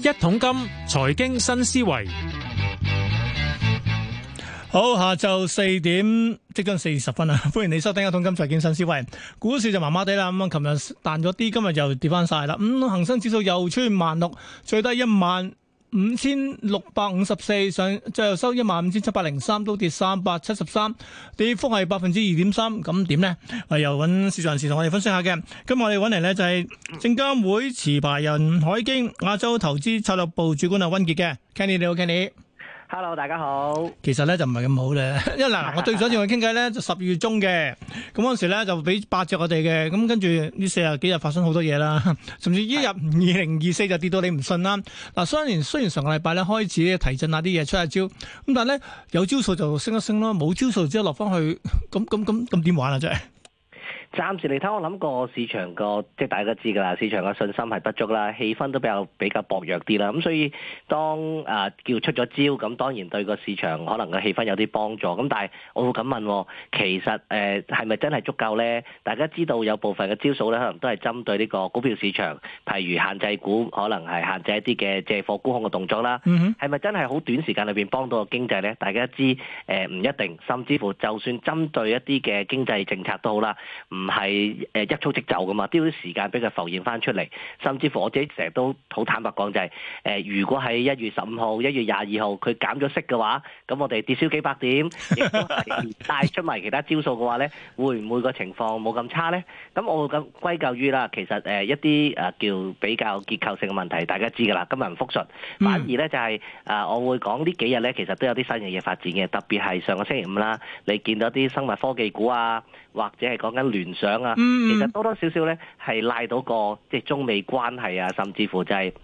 一桶金財經新思維，好，下晝四點即將四十分啊！歡迎你收聽一桶金財經新思維，股市就麻麻地啦。咁樣，琴日彈咗啲，今日又跌翻晒啦。咁、嗯、恒生指數又穿萬六，最低一萬。五千六百五十四上，最後收一萬五千七百零零三，都跌三百七十三，跌幅係百分之二點三。咁點呢？啊，由揾市場人士同我哋分析下嘅。今日我哋揾嚟呢，就係證監會持牌人，海經亞洲投資策略部主管阿温傑嘅 Kenny，你好，Kenny。hello，大家好。其實咧就唔係咁好咧， 因為嗱， 我對上一次傾偈咧就十二月中嘅，咁嗰陣時咧就俾八隻我哋嘅，咁跟住呢四十幾日發生好多嘢啦，甚至一日二零二四就跌到你唔信啦。嗱，雖然雖然上個禮拜咧開始提振下啲嘢出下招，咁但係咧有招數就升一升咯，冇招數之後落翻去，咁咁咁咁點玩啊真係？ 暫時嚟睇，我諗個市場個即係大家都知㗎啦，市場個信心係不足啦，氣氛都比較比較薄弱啲啦。咁所以當誒、呃、叫出咗招，咁當然對個市場可能個氣氛有啲幫助。咁但係我會噉問，其實誒係咪真係足夠呢？大家知道有部分嘅招數咧，可能都係針對呢個股票市場，譬如限制股，可能係限制一啲嘅借貨沽空嘅動作啦。嗯，係咪真係好短時間裏邊幫到個經濟呢？大家知誒唔、呃、一定，甚至乎就算針對一啲嘅經濟政策都好啦，唔。唔係誒一蹴即就噶嘛，都有啲時間俾佢浮現翻出嚟，甚至乎我自己成日都好坦白講、就是，就係誒如果喺一月十五號、一月廿二號佢減咗息嘅話，咁我哋跌少幾百點，亦都係帶出埋其他招數嘅話咧，會唔會個情況冇咁差咧？咁我會咁歸咎於啦，其實誒一啲誒叫比較結構性嘅問題，大家知噶啦，今日唔復述，反而咧就係、是、啊，嗯 uh，我會講呢幾日咧，其實都有啲新嘅嘢發展嘅，特別係上個星期五啦，你見到啲生物科技股啊，或者係講緊聯。想啊，嗯嗯其實多多少少咧係拉到個即係中美關係啊，甚至乎就係、是。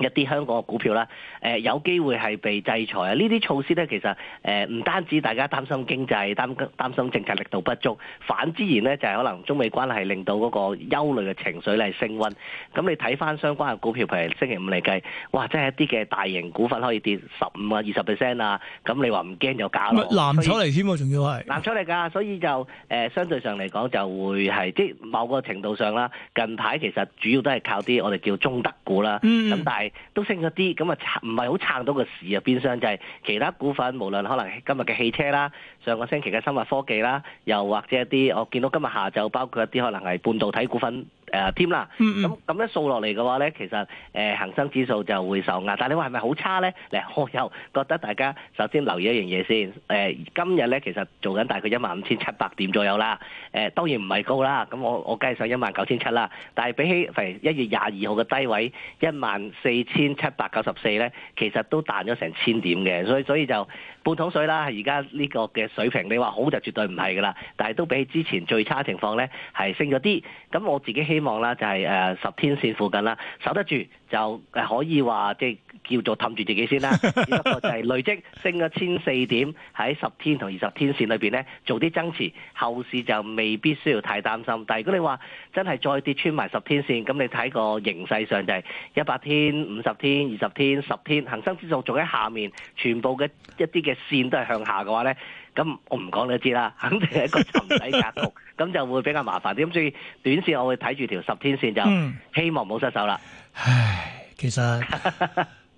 一啲香港嘅股票啦，誒、呃、有機會係被制裁啊！呢啲措施咧，其實誒唔、呃、單止大家擔心經濟，擔擔心政策力度不足，反之然咧，就係、是、可能中美關係令到嗰個憂慮嘅情緒咧升溫。咁你睇翻相關嘅股票，譬如星期五嚟計，哇！即係一啲嘅大型股份可以跌十五啊、二十 percent 啊，咁你話唔驚就假。唔係、嗯、藍籌嚟添喎，仲要係藍籌嚟㗎，所以就誒、呃、相對上嚟講就會係即係某個程度上啦。近排其實主要都係靠啲我哋叫中特股啦，咁、嗯、但係。都升咗啲，咁啊，唔係好撐到個市啊。變相就係其他股份，無論可能今日嘅汽車啦，上個星期嘅生物科技啦，又或者一啲，我見到今日下晝包括一啲可能係半導體股份。誒添啦，咁咁、mm hmm. 樣數落嚟嘅話咧，其實誒、呃、恆生指數就會受壓。但係你話係咪好差咧？嗱，我又覺得大家首先留意一樣嘢先。誒、呃，今日咧，其實做緊大概一萬五千七百點左右啦。誒、呃，當然唔係高啦。咁我我計上一萬九千七啦。但係比起一月廿二號嘅低位一萬四千七百九十四咧，其實都彈咗成千點嘅。所以所以就半桶水啦。而家呢個嘅水平，你話好就絕對唔係㗎啦。但係都比起之前最差情況咧，係升咗啲。咁我自己希希望啦，就係誒十天線附近啦，守得住就誒可以話即係叫做氹住自己先啦。只不過就係累積升咗千四點，喺十天同二十天線裏邊呢，做啲增持，後市就未必需要太擔心。但係如果你話真係再跌穿埋十天線，咁你睇個形勢上就係一百天、五十天、二十天、十天，恆生指數仲喺下面，全部嘅一啲嘅線都係向下嘅話呢。咁我唔講你知啦，肯定係一個沉底格局，咁就會比較麻煩啲。咁所以短線我會睇住條十天線，就希望唔好失手啦。唉，其實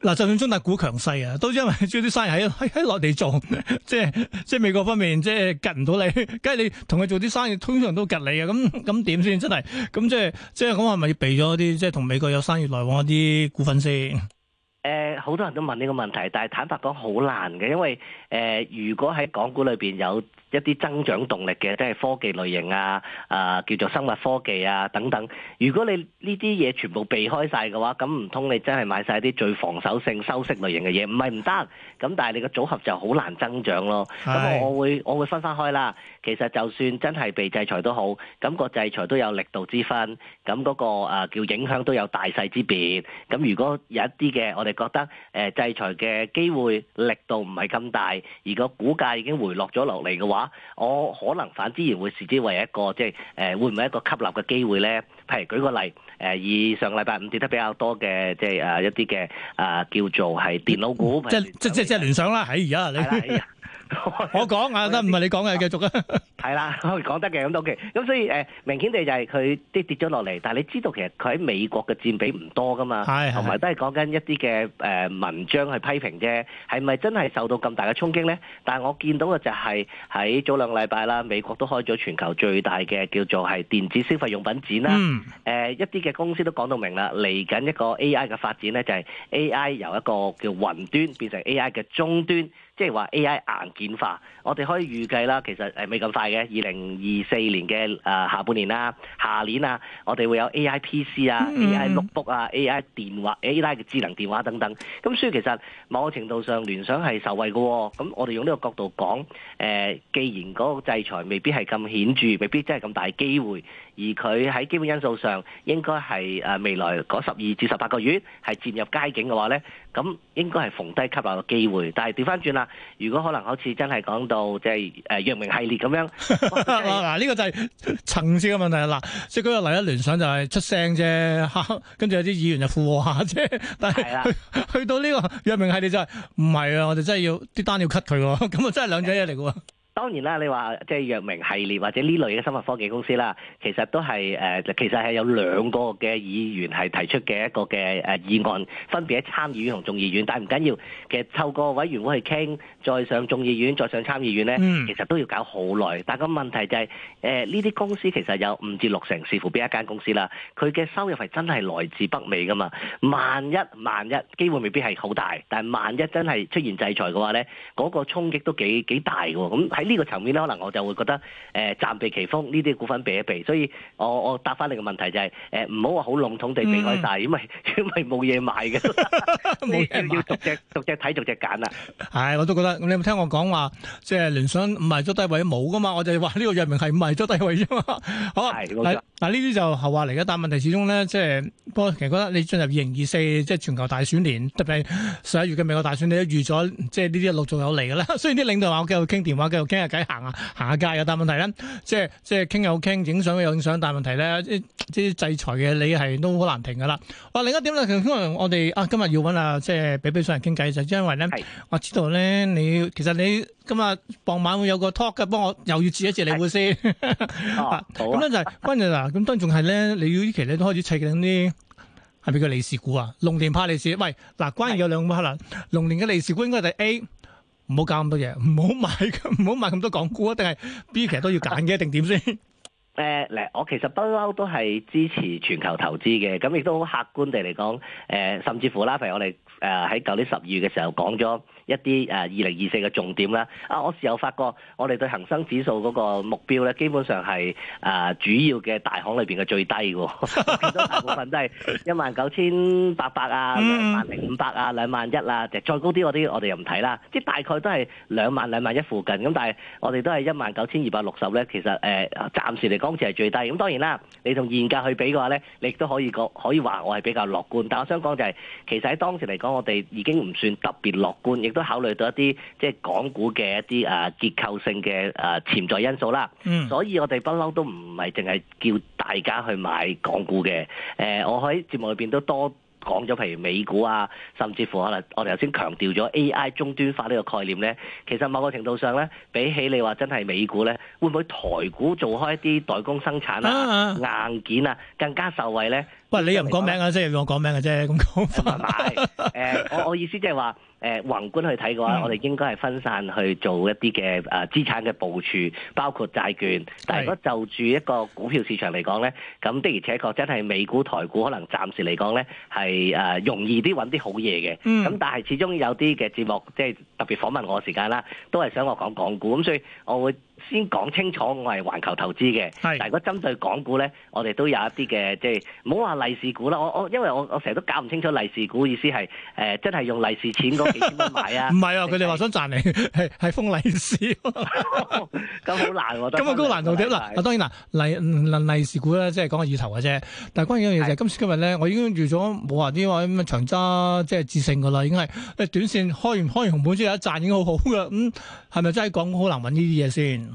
嗱，就算 中大股強勢啊，都因為做啲生意喺喺內地做， 即係即係美國方面即係及唔到你，梗係你同佢做啲生意通常都及你啊。咁咁點先真係？咁即係即係咁，係咪避咗啲即係同美國有生意來往啲股份先？誒好多人都問呢個問題，但係坦白講好難嘅，因為誒、呃、如果喺港股裏邊有一啲增長動力嘅，即係科技類型啊，啊叫做生物科技啊等等。如果你呢啲嘢全部避開曬嘅話，咁唔通你真係買曬啲最防守性收息類型嘅嘢，唔係唔得。咁但係你個組合就好難增長咯。咁我會我會分返開啦。其實就算真係被制裁都好，咁個制裁都有力度之分，咁嗰個啊叫影響都有大細之別。咁如果有一啲嘅，我哋覺得誒制裁嘅機會力度唔係咁大，而個股價已經回落咗落嚟嘅話，我可能反之而會視之為一個即係誒、呃、會唔會一個吸納嘅機會咧？譬如舉個例誒、呃，以上禮拜五跌得比較多嘅即係誒一啲嘅啊叫做係電腦股即是即，即即即即聯想啦，喺而家你。 哎我講啊，得唔係你講嘅，繼續啊。係啦，講得嘅咁都 OK。咁所以誒，明顯地就係佢啲跌咗落嚟。但係你知道，其實佢喺美國嘅佔比唔多噶嘛。係，同埋都係講緊一啲嘅誒文章去批評啫。係咪真係受到咁大嘅衝擊咧？但係我見到嘅就係喺早兩個禮拜啦，美國都開咗全球最大嘅叫做係電子消費用品展啦。誒，一啲嘅公司都講到明啦，嚟緊一個 AI 嘅發展咧，就係 AI 由一個叫雲端變成 AI 嘅終端。即係話 A.I. 硬件化，我哋可以預計啦。其實誒未咁快嘅，二零二四年嘅誒下半年啦，下年啊，我哋會有 A.I.P.C. 啊，A.I. notebook 啊，A.I. 電話，A.I. 嘅智能電話等等。咁所以其實某個程度上，聯想係受惠嘅。咁我哋用呢個角度講，誒，既然嗰個制裁未必係咁顯著，未必真係咁大機會，而佢喺基本因素上應該係誒未來嗰十二至十八個月係漸入佳境嘅話咧，咁應該係逢低吸納個機會。但係調翻轉啦。如果可能好，好似真係講到即係誒藥明系列咁樣，嗱呢 個就係層次嘅問題啦。所以嗰個第一聯想就係出聲啫，跟住有啲議員就附和下啫。但係去， 去到呢、這個藥明系列就係唔係啊，我哋真係要啲單要 cut 佢喎。咁 啊真係兩樣嘢嚟嘅。 當然啦，你話即係藥明系列或者呢類嘅生物科技公司啦，其實都係誒，其實係有兩個嘅議員係提出嘅一個嘅誒議案，分別喺參議院同眾議院。但係唔緊要，其實透過委員會去傾，再上眾議院，再上參議院咧，其實都要搞好耐。但係個問題就係誒呢啲公司其實有五至六成，視乎邊一間公司啦，佢嘅收入係真係來自北美噶嘛。萬一萬一，機會未必係好大，但係萬一真係出現制裁嘅話咧，嗰個衝擊都幾幾大嘅。咁係。呢個層面咧，可能我就會覺得誒暫、呃、避其鋒，呢啲股份避一避。所以我，我我答翻你個問題就係誒唔好話好籠統地避開曬、嗯，因為因為冇嘢買嘅。冇嘢 麼 要逐隻逐隻睇，逐隻揀啦。係、 哎，我都覺得。你有冇聽我講話？即係聯想唔係都低位冇噶嘛？我就話呢個藥明係唔係都低位啫嘛。好，係嗱呢啲就後話嚟嘅，但問題始終咧，即係不過其實覺得你進入二零二四即係全球大選年，特別十一月嘅美國大選，你都預咗即係呢啲陸仲有嚟嘅啦。雖然啲領導話我繼續傾電話，繼續傾。傾下偈行啊，行下街有大問題咧，即係即係傾有傾，影相有影相，大問題咧，啲啲制裁嘅你係都好難停噶啦。哇，另一點咧，我哋啊，今日要揾啊，即係俾俾上人傾偈，就係，因為咧，是我知道咧，你其實你今日傍晚會有個 talk 嘅，幫我又要接一接，啊嗯，你嘅先。咁樣就係，關鍵嗱，咁當然仲係咧，你要呢期咧都開始砌緊啲，係咪叫利是股啊？龍年派利是，喂，嗱，關於有兩個可能，龍年嘅利是股應該就係 A。唔好搞咁多嘢，唔好買，唔好買咁多港股啊？定係 B 其實都要揀嘅，定點先？誒、呃，嚟，我其實不嬲，都係支持全球投資嘅，咁亦都好客觀地嚟講，誒、呃，甚至乎啦，譬如我哋誒喺舊年十二月嘅時候講咗。一啲誒二零二四嘅重點啦。啊話物，我時有發覺，我哋對恒生指數嗰個目標咧，基本上係誒主要嘅大行裏邊嘅最低嘅，其實大部分都係一萬九千八百啊，兩萬零五百啊，兩萬一啊，就再高啲嗰啲我哋又唔睇啦，即係大概都係兩萬兩萬一附近。咁但係我哋都係一萬九千二百六十咧，其實誒暫時嚟講，似係最低。咁當然啦，你同現價去比嘅話咧，你亦都可以講可以話我係比較樂觀。但我想講就係，其實喺當時嚟講，我哋已經唔算特別樂觀，都考慮到一啲即係港股嘅一啲啊結構性嘅啊潛在因素啦， 所以我哋不嬲都唔係淨係叫大家去買港股嘅。誒、呃，我喺節目裏邊都多講咗，譬如美股啊，甚至乎可能我哋頭先強調咗 AI 終端化呢個概念咧，其實某個程度上咧，比起你話真係美股咧，會唔會台股做開一啲代工生產啊、 硬件啊更加受惠咧？喂，你又唔講名啊？即係要、嗯、我講名嘅啫，咁講法係咪？我我意思即係話，誒、呃，宏觀去睇嘅話，嗯、我哋應該係分散去做一啲嘅誒資產嘅部署，包括債券。但係如果就住一個股票市場嚟講咧，咁的而且確真係美股、台股可能暫時嚟講咧係誒容易啲揾啲好嘢嘅。咁、嗯、但係始終有啲嘅節目，即係特別訪問我時間啦，都係想我講港股，咁所以我會。先講清楚，我係環球投資嘅。係是，但如果針對港股咧，我哋都有一啲嘅，即係唔好話利是股啦。我我因為我我成日都搞唔清楚利是股意思係誒、呃，真係用利是錢嗰幾千蚊買啊？唔係 啊，佢哋話想賺你係係封利是，咁 好 難、啊，我覺得咁啊高難度點嗱。啊當然嗱、啊，利論、嗯利，嗯、利是股咧，即係講個意頭嘅啫。但係關鍵嘅嘢就係今次今日咧，我已經預咗冇話啲話咁長揸，即係致勝噶啦，已經係誒短線開完開完紅本之後一賺已經好好噶。咁係咪真係港股好難揾呢啲嘢先？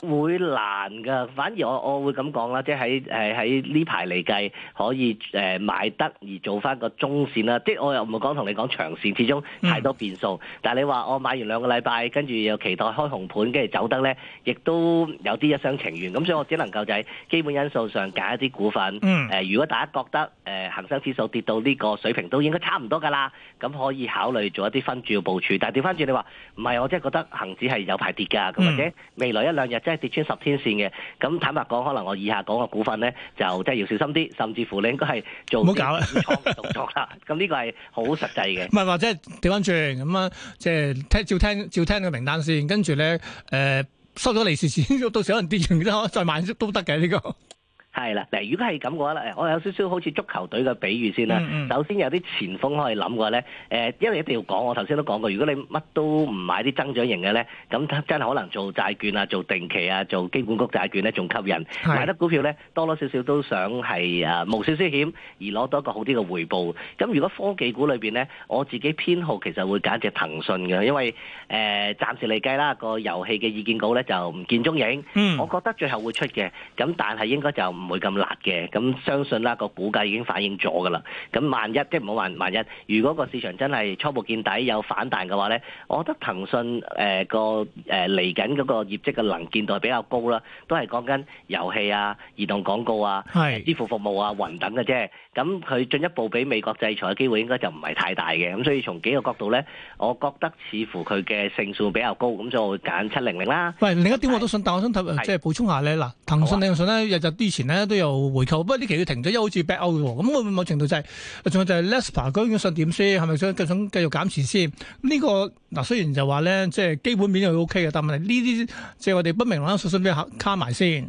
會難噶，反而我我會咁講啦，即係喺誒喺呢排嚟計可以誒買得而做翻個中線啦。即係我又唔係講同你講長線，始終太多變數。但係你話我買完兩個禮拜，跟住又期待開紅盤，跟住走得呢，亦都有啲一廂情願。咁所以我只能夠就喺基本因素上揀一啲股份。誒，如果大家覺得誒恒生指數跌到呢個水平都應該差唔多噶啦，咁可以考慮做一啲分注嘅部署。但係調翻轉你話唔係，我真係覺得恒指係有排跌噶，咁或者未來一兩日。即係跌穿十天線嘅，咁坦白講，可能我以下講嘅股份咧，就即係要小心啲，甚至乎你應該係做唔好搞錯，動作啦，咁呢別搞 個係好實際嘅。唔係 或者掉翻轉咁啊，即係聽照聽照聽個名單先，跟住咧誒收咗利是錢，到時可能跌完之後再慢速都得嘅呢個。 係啦，嗱，如果係咁嘅話咧，我有少少好似足球隊嘅比喻先啦。首先有啲前鋒可以諗嘅話咧，誒，因為一定要講，我頭先都講過，如果你乜都唔買啲增長型嘅咧，咁真係可能做債券啊、做定期啊、做基金股債券咧，仲吸引。買得股票咧，多多少少都想係誒冒少少險，而攞到一個好啲嘅回報。咁如果科技股裏邊咧，我自己偏好其實會揀隻騰訊嘅，因為誒暫時嚟計啦，個遊戲嘅意見稿咧就唔見蹤影。我覺得最後會出嘅，咁但係應該就唔唔會咁辣嘅，咁相信啦個估計已經反映咗噶啦。咁萬一即係唔好萬萬一，如果個市場真係初步見底有反彈嘅話咧，我覺得騰訊誒個誒嚟緊嗰個業績嘅能見度比較高啦，都係講緊遊戲啊、移動廣告啊、支付服務啊、雲等嘅啫。咁佢進一步俾美國制裁嘅機會應該就唔係太大嘅。咁所以從幾個角度咧，我覺得似乎佢嘅勝數比較高。咁所以我會揀七零零啦。喂，另一點我都信，但係我想睇即係補充下咧嗱，騰訊、李雲信咧日日之前咧。都有回購，不過呢期要停咗，因為好似 back out 嘅喎。咁我某程度就係、是，仲有就係 Lespa 究竟想點先，係咪想繼續繼續減持先？呢、這個嗱、呃、雖然就話咧，即係基本面係 OK 嘅，但問題呢啲即係我哋不明朗，信唔信得卡埋先？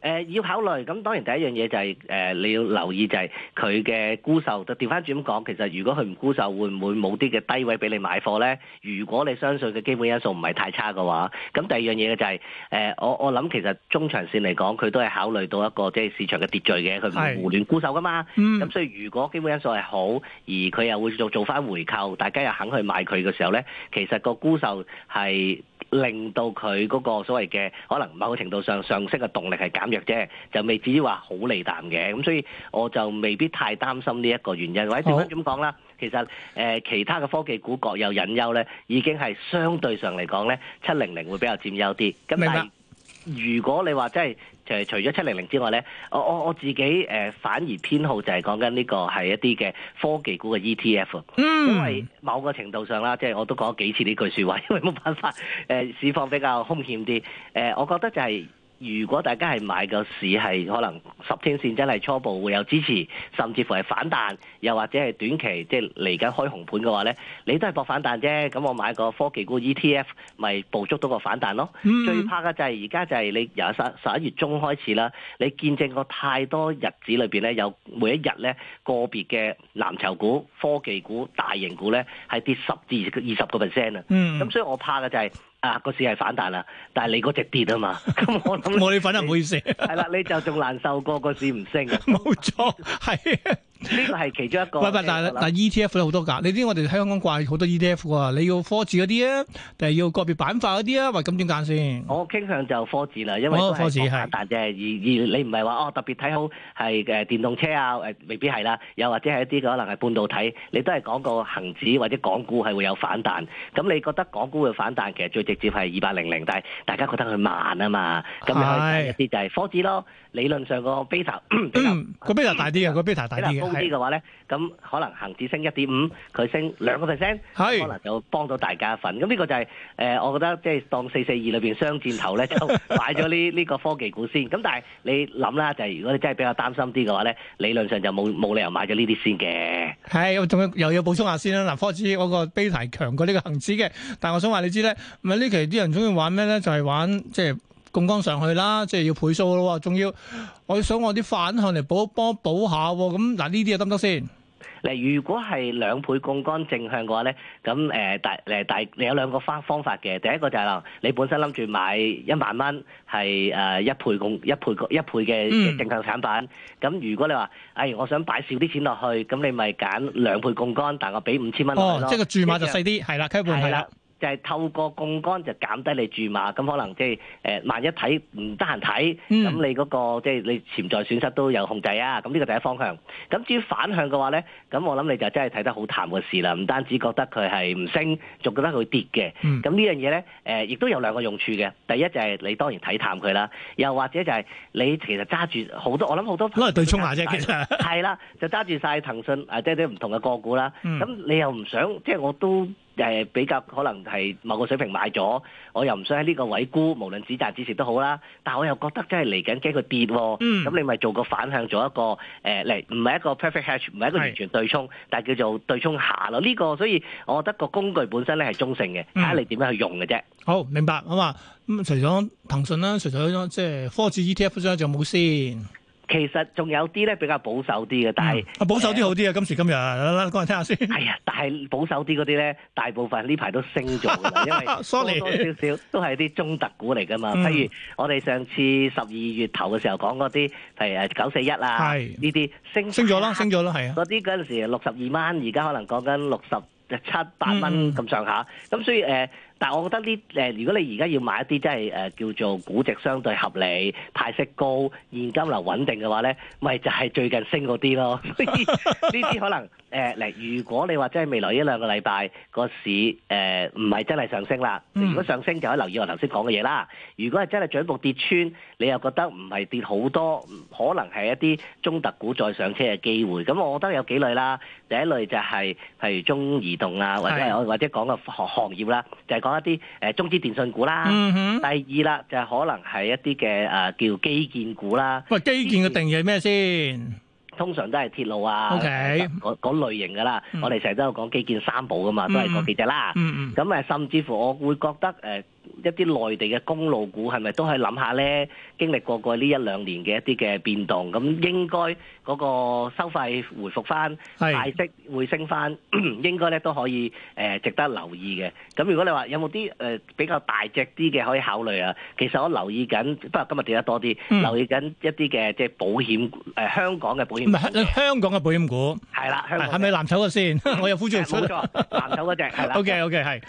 誒要考慮，咁當然第一樣嘢就係、是、誒、呃、你要留意就係佢嘅沽售，呃、就調翻轉咁講，其實如果佢唔沽售，會唔會冇啲嘅低位俾你買貨咧？如、呃、果你相信嘅基本因素唔係太差嘅話，咁第二樣嘢嘅就係誒我我諗其實中長線嚟講，佢都係考慮到一個即係市場嘅秩序嘅，佢唔胡亂沽售噶嘛。咁是、呃、所以如果基本因素係好，而佢又會做做翻回購，大家又肯去買佢嘅時候咧，其實個沽售係。令到佢嗰個所謂嘅可能某程度上上升嘅動力係減弱啫，就未至於話好利淡嘅，咁所以我就未必太擔心呢一個原因。或者點樣咁講啦？哦、其實誒、呃，其他嘅科技股各有隱憂咧，已經係相對上嚟講咧，七零零會比較佔優啲。明白。如果你話真係除咗七零零之外呢，我我我自己誒、呃、反而偏好就係講緊呢個係一啲嘅科技股嘅 ETF，、嗯、因為某個程度上啦，即、就、係、是、我都講咗幾次呢句説話，因為冇辦法誒、呃、市況比較兇險啲，誒、呃、我覺得就係、是，如果大家係買個市係可能十天線真係初步會有支持，甚至乎係反彈，又或者係短期即係嚟緊開紅盤嘅話咧，你都係搏反彈啫。咁我買個科技股 ETF 咪捕捉到個反彈咯。嗯、最怕嘅就係而家就係你由十十一月中開始啦，你見證過太多日子裏邊咧，有每一日咧，個別嘅藍籌股、科技股、大型股咧係跌十至二十個 percent 啊。咁、嗯、所以我怕嘅就係、是。啊！個市係反彈啦，但係你嗰隻跌啊嘛，咁 我諗冇你份啊，唔好意思，係啦你， 你就仲難受過、個市唔升，冇錯 錯，係。 呢個係其中一個。唔 但但 ETF 有好多架。你知我哋喺香港掛好多 ETF 喎。你要科指嗰啲啊，定係要個別板塊嗰啲啊？咁點樣揀先。我傾向就科指啦，因為科指係反彈而、哦、是而你唔係話哦特別睇好係嘅電動車啊？誒、呃、未必係啦。又或者係一啲可能係半導體，你都係講個恆指或者港股係會有反彈。咁你覺得港股會反彈，其實最直接係二八零零，但係大家覺得佢慢啊嘛。咁你可以揀一啲就係科指咯。理論上個 beta 個 beta 大啲嘅，個 beta 大啲嘅係，高啲嘅話咧，咁的可能恒指升一點五，佢升兩個 percent，係可能就幫到大家一份。咁呢個就係、是、誒、呃，我覺得即係當四四二裏邊雙箭頭咧，就買咗呢呢個科技股先。咁但係你諗啦，就係、是、如果你真係比較擔心啲嘅話咧，理論上就冇冇理由買咗呢啲先嘅。係，仲要又要補充下先啦。嗱、啊，科技嗰個 beta 強過呢個恒指嘅，但係我想話你知咧，咪呢期啲人鍾意玩咩咧？就係、是、玩即係。槓桿上去啦，即係要倍數咯，仲要我要想我啲反向嚟補，幫補下咁，嗱呢啲又得唔得先？嗱，如果係兩倍槓桿正向嘅話咧，咁誒大誒大你有兩個方方法嘅，第一個就係啦，你本身諗住買一萬蚊係誒一倍一倍一倍一倍嘅正向產品，咁如果你話誒我想擺少啲錢落去，咁你咪揀兩倍槓桿，但我俾五千蚊落去咯，即係個注碼就細啲，係啦，開半係啦。就係透過槓桿就減低你注碼，咁可能即係誒萬一睇唔得閒睇，咁、嗯、你嗰、那個即係、就是、你潛在損失都有控制啊！咁呢個第一方向。咁至於反向嘅話咧，咁我諗你就真係睇得好淡嘅事啦，唔單止覺得佢係唔升，仲覺得佢跌嘅。咁、嗯、呢樣嘢咧，誒、呃、亦都有兩個用處嘅。第一就係你當然睇淡佢啦，又或者就係你其實揸住好多，我諗好多都係對沖下啫，其實。係啦，就揸住晒騰訊啊，即係啲唔同嘅個股啦。咁、嗯嗯、你又唔想即係我都。誒比較可能係某個水平買咗，我又唔想喺呢個位沽，無論止賺止蝕都好啦。但係我又覺得真係嚟緊驚佢跌，咁、嗯、你咪做個反向做一個誒嚟，唔、呃、係一個 perfect hedge 唔係一個完全對沖，是但係叫做對沖下咯。呢、這個所以我覺得個工具本身咧係中性嘅，睇下、嗯、你點樣去用嘅啫。好明白，好嘛？咁除咗騰訊啦，除咗即係科技 ETF 仲有冇先？其實仲有啲咧比較保守啲嘅，但係啊、嗯嗯、保守啲好啲啊！今時今日，嗱，講嚟聽一下先。係啊，但係保守啲嗰啲咧，大部分呢排都升咗㗎啦 因為多，多少少都係啲中特股嚟噶嘛、嗯。譬如我哋上次十二月頭嘅時候講嗰啲，譬如誒九四一啦，呢啲升升咗啦，升咗啦，係啊。嗰啲嗰陣時六十二蚊，而家可能講緊六十七八蚊咁上下。咁、嗯嗯、所以誒。呃但我覺得呢誒、呃，如果你而家要買一啲真係誒叫做估值相對合理、派息高、現金流穩定嘅話咧，咪就係、是、最近升嗰啲咯。呢 啲可能誒，嗱、呃，如果你話真係未來一兩個禮拜個市誒唔係真係上升啦，嗯、如果上升就可以留意我頭先講嘅嘢啦。如果係真係進一步跌穿，你又覺得唔係跌好多，可能係一啲中特股再上車嘅機會。咁我覺得有幾類啦，第一類就係、是、譬如中移動啊，或者我是或者講嘅行行業啦，就係、是。講一啲誒中資電信股啦，嗯、哼第二啦就係、是、可能係一啲嘅誒叫基建股啦。喂，基建嘅定義係咩先？通常都係鐵路啊，嗰嗰類型㗎啦。我哋成日都有講基建三寶㗎嘛，都係嗰幾隻啦。咁啊，甚至乎我會覺得誒一啲內地嘅公路股係咪都係諗下咧？經歷過過呢一兩年嘅一啲嘅變動，咁應該嗰個收費回復翻，派息會升翻，應該咧都可以誒值得留意嘅。咁如果你話有冇啲誒比較大隻啲嘅可以考慮啊？其實我留意緊，不過今日跌得多啲，留意緊一啲嘅即係保險誒香港嘅保險。香港嘅保險股，係啦，係咪藍籌嘅先？我又呼住嚟冇錯，藍籌嗰隻係啦。OK OK，係。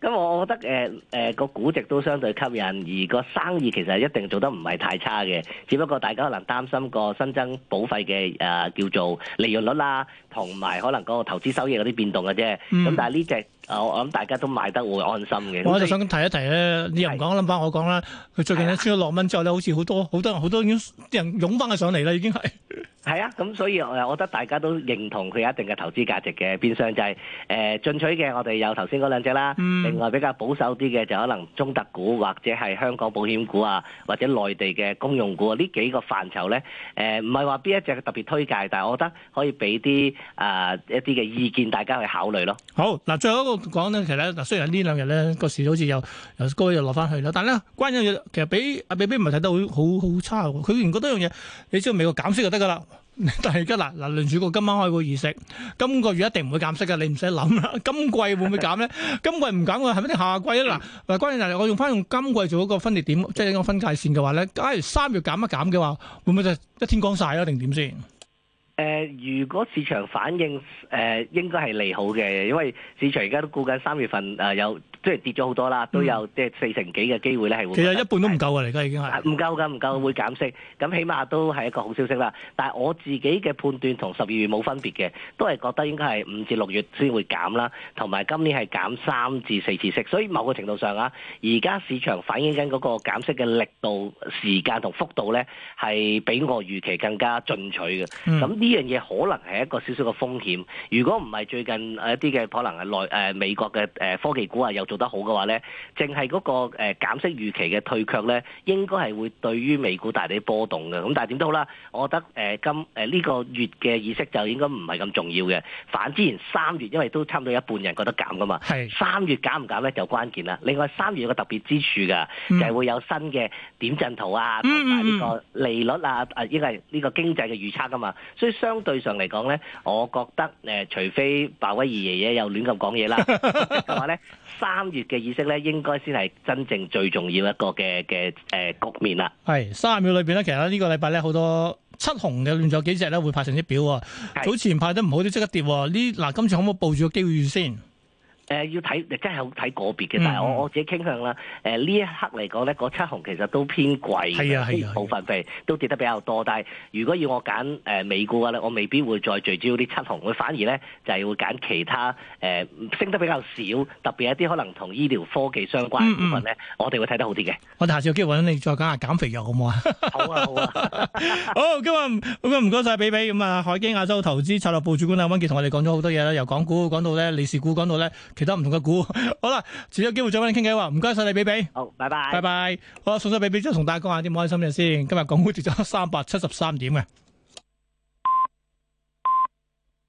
咁我覺得誒誒個估值都相對吸引，而個生意其實一定做得唔係太差嘅，只不過大家可能擔心個新增保費嘅誒叫做利潤率啦，同埋可能嗰個投資收益嗰啲變動嘅啫。咁但係呢隻我我諗大家都買得會安心嘅。我就想提一提咧，你又唔講啦，諗翻我講啦。佢最近咧，輸咗落蚊之後咧，好似好多好多人好多已經啲人湧翻佢上嚟啦，已經係係啊。咁、嗯、所以我覺得大家都認同佢有一定嘅投資價值嘅，變相就係、是、誒、呃、進取嘅。我哋有頭先嗰兩隻啦，嗯、另外比較保守啲嘅就可能中特股或者係香港保險股啊，或者內地嘅公用股啊，呢幾個範疇咧誒，唔係話邊一隻特別推介，但係我覺得可以俾啲誒一啲嘅、呃、意見，大家去考慮咯。好嗱，最後一個講咧，其實嗱，雖然兩呢兩日咧個市好似有有高位又落翻去咯，但係咧，關於其實俾阿比比唔係睇得好好好差嘅，佢連嗰多樣嘢，你只要美國減息就得㗎啦。 但係而家嗱，嗱，聯儲局今晚開會議息，今個月一定唔會減息噶，你唔使諗啦。今季會唔會減咧？今季唔減嘅，係咪定下季咧？嗱，關鍵就係我用翻用今季做一個分裂點，即係一個分界線嘅話咧，假如三月減一減嘅話，會唔會就一天光晒咯，定點先？誒，如果市場反應，誒應該係利好嘅，因為市場而家都估緊三月份，誒有即係跌咗好多啦，都有即係四成幾嘅機會咧係會。其實一半都唔夠啊，而家已經係唔夠㗎，唔夠會減息，咁起碼都係一個好消息啦。但係我自己嘅判斷同十二月冇分別嘅，都係覺得應該係五至六月先會減啦，同埋今年係減三至四次息。所以某個程度上啊，而家市場反映緊嗰個減息嘅力度、時間同幅度咧，係比我預期更加進取嘅。咁呢？呢樣嘢可能係一個少少嘅風險。如果唔係最近誒一啲嘅可能係內誒美國嘅誒、呃、科技股啊又做得好嘅話咧，淨係嗰個誒減、呃、息預期嘅退卻咧，應該係會對於美股大啲波動嘅。咁但係點都好啦，我覺得誒、呃、今誒呢、呃這個月嘅議息就應該唔係咁重要嘅。反之前三月因為都差唔多一半人覺得減㗎嘛，三是月減唔減咧就關鍵啦。另外三月有個特別之處㗎，就係、是、會有新嘅點陣圖啊同埋呢個利率啊啊、呃、應該係呢個經濟嘅預測㗎嘛，所以。相對上嚟講咧，我覺得誒，除非鮑威爾爺爺又亂咁講嘢啦，咁 話咧，三月嘅議息咧，應該先係真正最重要一個嘅嘅誒局面啦。係三十秒裏邊咧，其實呢個禮拜咧好多七紅嘅亂咗幾隻咧，會派成績表啊。早前派得唔好都即刻跌，呢，嗱，今次可唔可以抱住個機會先？誒、呃，要睇，真係好睇個別嘅。但係我、嗯、我自己傾向啦，誒、呃、呢一刻嚟講咧，嗰七紅其實都偏貴嘅，啊啊啊啊、部分地都跌得比較多。但係如果要我揀誒美股嘅咧，我未必會再聚焦啲七紅，我反而咧就係會揀其他誒、呃、升得比較少，特別一啲可能同醫療科技相關嘅股份咧，嗯嗯我哋會睇得好啲嘅。我哋下次有機會揾你再講下減肥藥好唔 好啊？好啊，好啊。 好，今日咁唔該晒比比咁啊，海基亞洲投資策略部主管阿溫傑同我哋講咗好多嘢啦，由港股講到咧，利士股講到咧。其他唔同嘅股， 好啦，遲啲有機會再揾你傾偈話，唔該晒你比比，好，拜拜，拜拜，我送咗比 B 即係同大家講下啲唔開心嘅先，今日港股跌咗三百七十三點嘅。